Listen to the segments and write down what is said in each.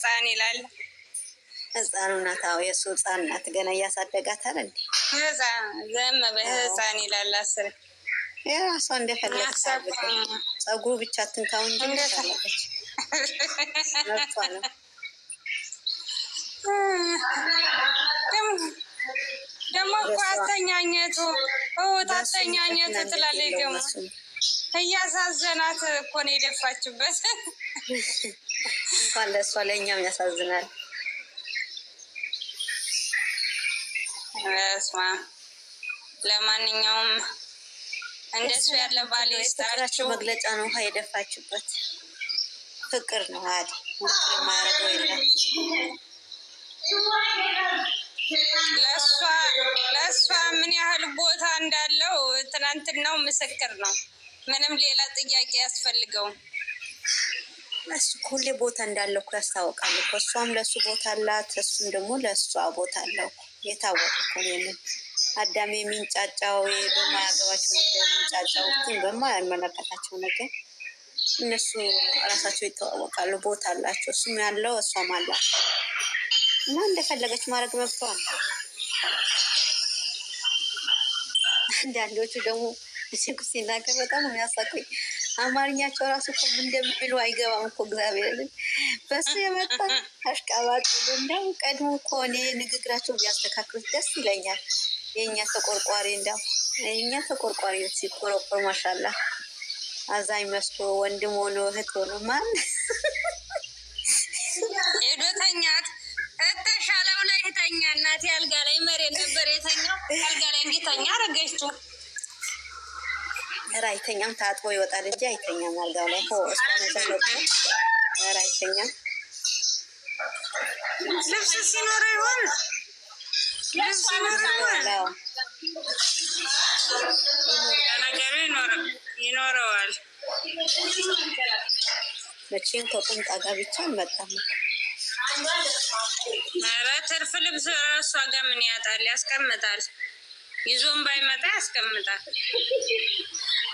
ህፃን ይላል። ህፃኑ ናት። አዎ የእሱ ህፃን ናት። ገና እያሳደጋታል እንዴ ዘመ በህፃን ይላል። አስር የራሷ እንደፈለግ ጸጉሩ ብቻ ትንካው እንጂ እንደፈለገች መብቷ ነው። ደግሞ እኮ አተኛኘቱ እሑድ አተኛኘቱ ትላለች። ደግሞ እያሳዘናት እኮ ነው የደፋችበት እንኳን ለእሷ ለእኛም ያሳዝናል። ለማንኛውም እንደሱ ያለ ባል ፍቅራቸው መግለጫ ነው። ውሃ የደፋችበት ፍቅር ነው። አይደል ፍቅር ማያደርገው የለም። ለእሷ ምን ያህል ቦታ እንዳለው ትናንትናው ምስክር ነው። ምንም ሌላ ጥያቄ ያስፈልገው? እሱ ሁሌ ቦታ እንዳለው እኮ ያስታወቃል እኮ። እሷም ለእሱ ቦታ አላት፣ እሱም ደግሞ ለእሷ ቦታ አለው። የታወቀ እኮ ነው። አዳም የሚንጫጫው በማያገባቸው የሚንጫጫው ግን በማያመለከታቸው ነገር እነሱ እራሳቸው ይተዋወቃሉ። ቦታ አላቸው፣ እሱም ያለው እሷም አላት እና እንደፈለገች ማድረግ መብተዋል። አንዳንዶቹ ደግሞ ሲናገር በጣም የሚያሳቀኝ አማርኛቸው ራሱ እኮ እንደሚሉ አይገባም እኮ እግዚአብሔር በሱ የመጣ አሽቃባጭ። እንደው ቀድሞ ከሆነ ንግግራቸው ቢያስተካክሉት ደስ ይለኛል። የእኛ ተቆርቋሪ እንደው የእኛ ተቆርቋሪዎች ሲቆረቆር ማሻላ አዛኝ መስቶ ወንድም ሆኖ እህት ሆኖ ማን ሄዶተኛት እተሻለው ላይ ተኛ እናቴ አልጋ ላይ መሬት ነበር የተኛው አልጋ ላይ እንዲተኛ አረገችው። ኧረ አይተኛም። ታጥቦ ይወጣል እንጂ አይተኛም። አልጋው ላይ ኧረ አይተኛም። ልብስ ሲኖረ ይሆን ልብስ ሲኖረ ይሆን ለነገሩ ይኖረዋል። መቼም ከቁምጣ ጋር ብቻ አልመጣም። ኧረ ትርፍ ልብስ እሷ ጋር ምን ያጣል? ያስቀምጣል። ይዞም ባይመጣ ያስቀምጣል።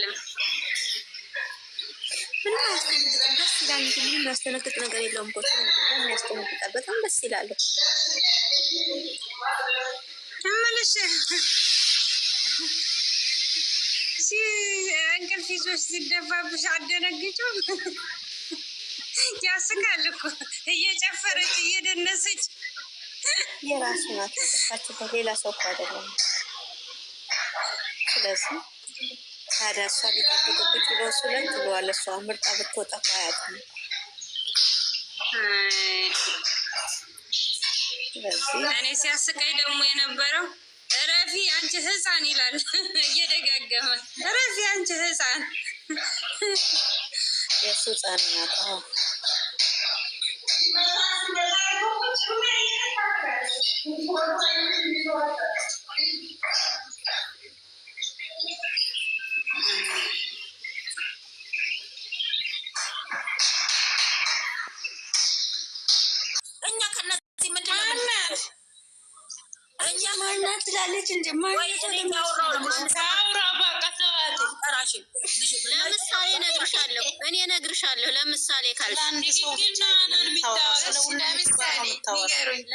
አይደለም እና ያስደነግጣል። ደስ ይላል እንጂ ምንም የሚያስደነግጥ ነገር የለውም። ቦታ የሚያስደነግጣል። በጣም ደስ ይላል። እምልሽ እንቅልፍ ይዞሽ ሲደፋብሽ አደነግጭም። ያስቃል እኮ እየጨፈረች እየደነሰች የራሱ ናት። ሌላ ሰው እኮ አይደለም። ስለዚህ ታዲያ እሷ ሊጠብቅ ቁጭ ብሎ እሱ ላይ ትለዋለ እሷ ምርጣ ብትወጣ ፋያት ነው። እኔ ሲያስቀኝ ደግሞ የነበረው እረፊ አንቺ ህፃን ይላል እየደጋገመ እረፊ አንቺ ህፃን የእሱ ህፃን ናት። ትላለች እንጂ ለምሳሌ እነግርሻለሁ እኔ እነግርሻለሁ። ለምሳሌ ካልሽ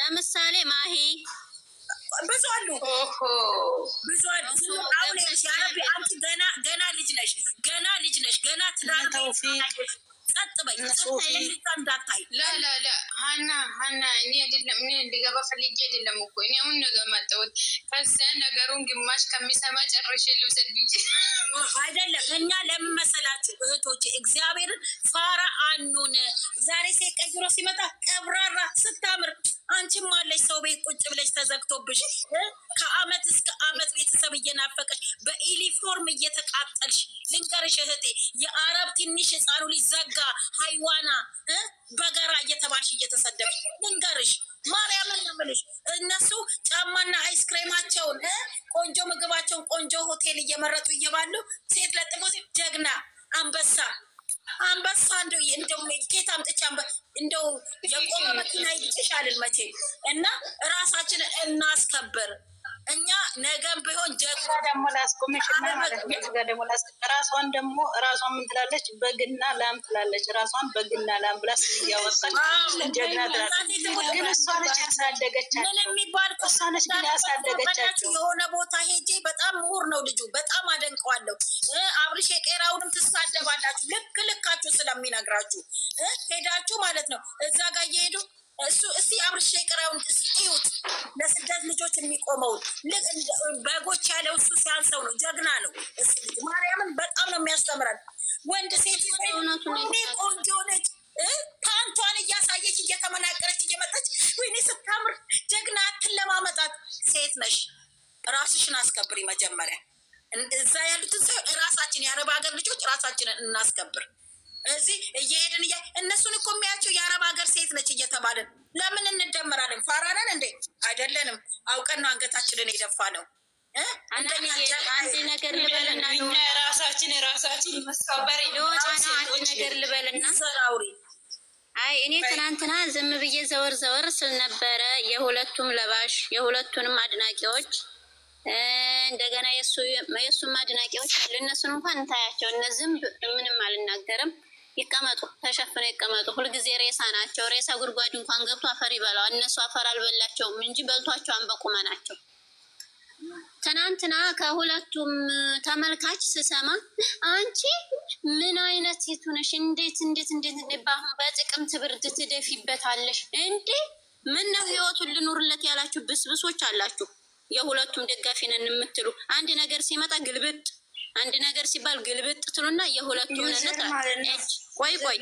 ለምሳሌ ማሂ ብዙ አሉ ብዙ አሉ። አሁን ገና ገና ልጅ ነሽ ገና ልጅ ነሽ ገና ትዳር ቀጥ በይ እንዳታይ ላላላ ሀና ሀና እኔ አይደለም እኔ እንዲገባ ፈልጌ አይደለም እኮ እኔ አሁን ነገ ማጣሁት ከዚያ ነገሩን ግማሽ ከሚሰማ ጨርሼ ልውሰድ ብዬ አይደለም። እኛ ለምን መሰላችሁ እህቶች እግዚአብሔርን ፋራ አኑን ዛሬ ሴት ቀይሮ ሲመጣ ቀብራራ ስታምር አንቺም አለሽ ሰው ቤት ቁጭ ብለሽ ተዘግቶብሽ ከአመት እስከ አመት ቤተሰብ እየናፈቀሽ በኢሊፎርም እየተቃጠልሽ። ልንገርሽ እህቴ የአረብ ትንሽ ህፃኑ ሊዘጋ ሀይዋና በገራ እየተባልሽ እየተሰደብሽ ልንገርሽ ማርያምን ነው የምልሽ። እነሱ ጫማና አይስክሬማቸውን ቆንጆ ምግባቸውን ቆንጆ ሆቴል እየመረጡ እየባሉ ሴት ሴት ጀግና አንበሳ አንበሳ እንደው እንደው ኬት አምጥቼ እንደው የቆመ መኪና ይልጭሻልን መቼ እና ራሳችን እናስከብር። እኛ ነገም ቢሆን ጀግና ደግሞ ላስቆምሽ ደግሞ ራሷን ደግሞ ራሷን ምን ትላለች? በግና ላም ትላለች። ራሷን በግና ላም ብላ ስም እያወጣች ጀግና ትላለች። ግን እሷ ነች ያሳደገቻቸው። ምን የሚባል እሷ ነች ግን ያሳደገቻቸው። የሆነ ቦታ ሄጄ በጣም ምሁር ነው ልጁ፣ በጣም አደንቀዋለሁ። አብርሽ የቄራውንም ትሳደባላችሁ ልክ የሚነግራችሁ ሄዳችሁ ማለት ነው። እዛ ጋር እየሄዱ እሱ እስቲ አብርሽ የቀረውን እስጢዩት ለስደት ልጆች የሚቆመውን በጎች ያለው እሱ ሲያንሰው ነው። ጀግና ነው። ማርያምን በጣም ነው የሚያስተምረን። ወንድ ሴት ቆንጆ ነች። ፓንቷን እያሳየች እየተመናቀረች እየመጣች ወይኔ ስታምር ጀግና አትለማመጣት። ሴት ነሽ፣ ራስሽን አስከብሪ መጀመሪያ። እዛ ያሉትን ሰው ራሳችን የአረብ ሀገር ልጆች ራሳችንን እናስከብር። እዚህ እየሄድን እያ እነሱን እኮ የሚያቸው የአረብ ሀገር ሴት ነች እየተባልን ለምን እንደመራለን? ፋራነን እንዴ? አይደለንም። አውቀን ነው አንገታችንን የደፋ ነው። አንድ ነገር ልበልና ራሳችን ራሳችን መስከበር አንድ ነገር ልበልና አይ እኔ ትናንትና ዝም ብዬ ዘወር ዘወር ስል ነበረ። የሁለቱም ለባሽ የሁለቱንም አድናቂዎች እንደገና የእሱም አድናቂዎች አሉ። እነሱን እንኳን እንታያቸው እነዚህም ምንም አልናገርም። ይቀመጡ፣ ተሸፍነው ይቀመጡ። ሁልጊዜ ሬሳ ናቸው። ሬሳ ጉድጓድ እንኳን ገብቶ አፈር ይበላዋል። እነሱ አፈር አልበላቸውም እንጂ በልቷቸው አንበቁመ ናቸው። ትናንትና ከሁለቱም ተመልካች ስሰማ አንቺ ምን አይነት ሴት ሆነሽ እንዴት እንዴት እንዴት ባሁን በጥቅምት ብርድ ትደፊበታለሽ እንዴ? ምን ነው ህይወቱን ልኑርለት ያላችሁ ብስብሶች አላችሁ። የሁለቱም ደጋፊ ነን የምትሉ አንድ ነገር ሲመጣ ግልብጥ፣ አንድ ነገር ሲባል ግልብጥ ትሉና የሁለቱም ነነት ቆይ ቆይ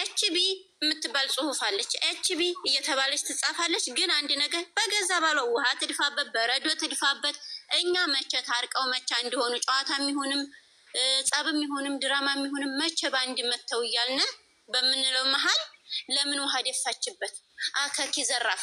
ኤች ቢ የምትባል ጽሁፍ አለች። ኤች ቢ እየተባለች ትጻፋለች። ግን አንድ ነገር በገዛ ባሏ ውሃ ትድፋበት፣ በረዶ ትድፋበት። እኛ መቼ ታርቀው መቼ እንደሆኑ ጨዋታ የሚሆንም ጸብ የሚሆንም ድራማ የሚሆንም መቼ በአንድ መተው እያልን በምንለው መሀል ለምን ውሃ ደፋችበት? አከኪ ዘራፍ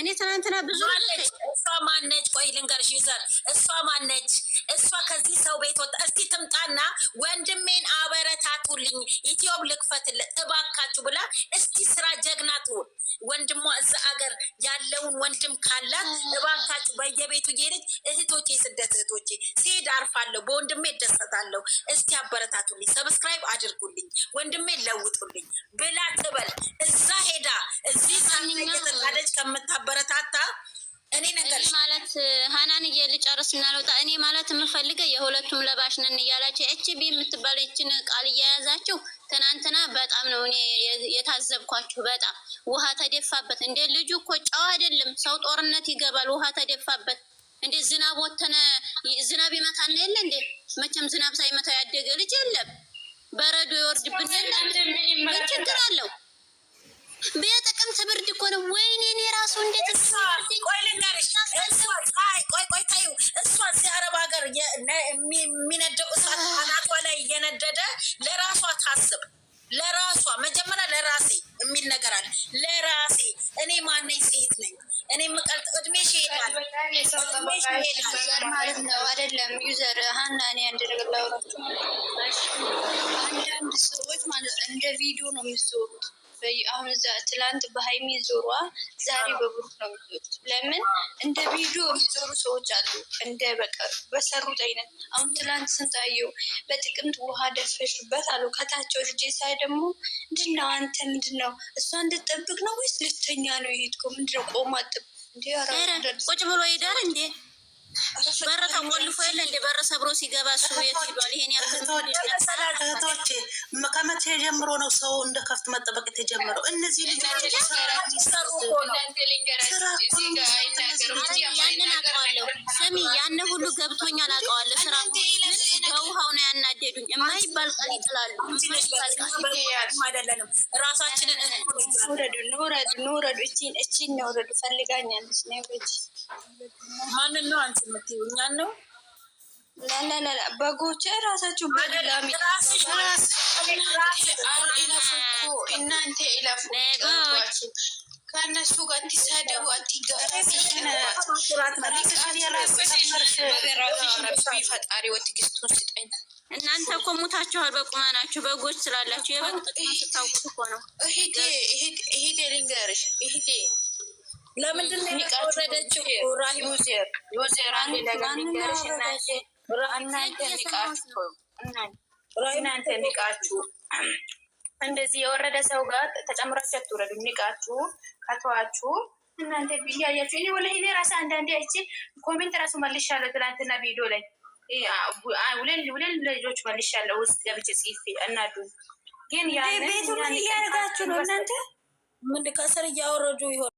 እኔ ትናንትና ብዙ አለች። እሷ ማነች? ቆይ ልንገርሽ ይዘር እሷ ማነች? እሷ ከዚህ ሰው ቤት ወጣ። እስቲ ትምጣና ወንድሜን አበረታቱልኝ፣ ኢትዮብ ልክፈትለት እባካችሁ ብላ እስቲ ስራ ጀግና ትሁን። ወንድሟ እዛ አገር ያለውን ወንድም ካላት እባካችሁ በየቤቱ እየሄደች እህቶቼ፣ ስደት እህቶቼ፣ ስሄድ አርፋለሁ፣ በወንድሜ እደሰታለሁ፣ እስቲ አበረታቱልኝ፣ ሰብስክራይብ አድርጉልኝ፣ ወንድሜ ለውጡልኝ ብላ ትበል። እዛ ሄዳ እዚህ ሳንኛ ተጣለች ከምታ አበረታታ እኔ ነገር ማለት ሀናን ልጨርስ እና እኔ ማለት የምፈልገው የሁለቱም ለባሽ ነን እያላቸው እች ቢ የምትባል ችን ቃል እያያዛችሁ ትናንትና በጣም ነው እኔ የታዘብኳችሁ። በጣም ውሃ ተደፋበት። እንደ ልጁ እኮ ጨዋ አይደለም ሰው ጦርነት ይገባል። ውሃ ተደፋበት። እንዴ ዝናብ ወተነ ዝናብ ይመታን የለ እንዴ? መቼም ዝናብ ሳይመታው ያደገ ልጅ የለም። በረዶ ይወርድብን የለም። ችግር አለው? በጥቅምት ብርድ እኮ ነው። ወይኔ እኔ ራሱ እንዴት ቆይ ልንገርሽ፣ ቆይ ቆይ ታዩ እሷ እዚህ አረብ ሀገር የሚነደው እሳት አናቷ ላይ እየነደደ ለራሷ ታስብ፣ ለራሷ መጀመሪያ ለራሴ ትናንት በሀይሚ ዞሯ ዛሬ በብሩክ ነው የሚዞሩት። ለምን እንደ ቪዲዮ የሚዞሩ ሰዎች አሉ። እንደ በቃ በሰሩት አይነት አሁን ትላንት ስንታየው በጥቅምት ውሃ ደፈሽበት አሉ። ከታቸው ልጄ ሳይ ደግሞ ምንድነው አንተ ምንድነው እሷ እንድጠብቅ ነው ወይስ ልተኛ ነው የሄድከው? ምንድነው ቆማ ጥብ ቁጭ ብሎ ይዳር እንዴ በር ተቆልፎ የለ እንደ በር ሰብሮ ሲገባ እሱ የት ከመቼ ጀምሮ ነው ሰው እንደ ከፍት መጠበቅ የተጀመረው? እነዚህ ልጆች ስሚ ያን ሁሉ ገብቶኛል፣ አውቀዋለሁ። ስራ በውሃው ነው ያናደዱኝ። የማይባል ቃል ይጥላሉ። ራሳችንን ውረዱ፣ ንውረዱ፣ ንውረዱ። እቺን እቺን ውረዱ ፈልጋኛለች ነ ማንን ነው አንቺ የምትይው? እኛን ነው? በጎቼ ራሳችሁ በድጋሚ አሁን ከእነሱ ጋር እናንተ እኮ ሙታችኋል በቁማ ናችሁ በጎች ስላላችሁ የበግ ጥቅም ስታውቁ እኮ ነው። ለምንድን ነው የቀረደችው? ዩዜር ዩዜር አንድ ነገር ሊገርሽ እናንተ ንቃችሁ እናንተ እንደዚህ የወረደ ሰው ጋር ተጨምራችሁ አትውረዱ። ንቃችሁ ከተዋችሁ እናንተ ብያያችሁ። እኔ ወላሂ እኔ ራሴ አንዳንዴ አይቼ ኮሜንት ራሱ መልሻለሁ። ትላንትና ቪዲዮ ላይ ሁለት ልጆች መልሻለሁ ውስጥ ገብቼ ጽፌ እናዱ ግን ቤቱ ምን እያደረጋችሁ ነው እናንተ? ምን ከስር እያወረዱ ይሆን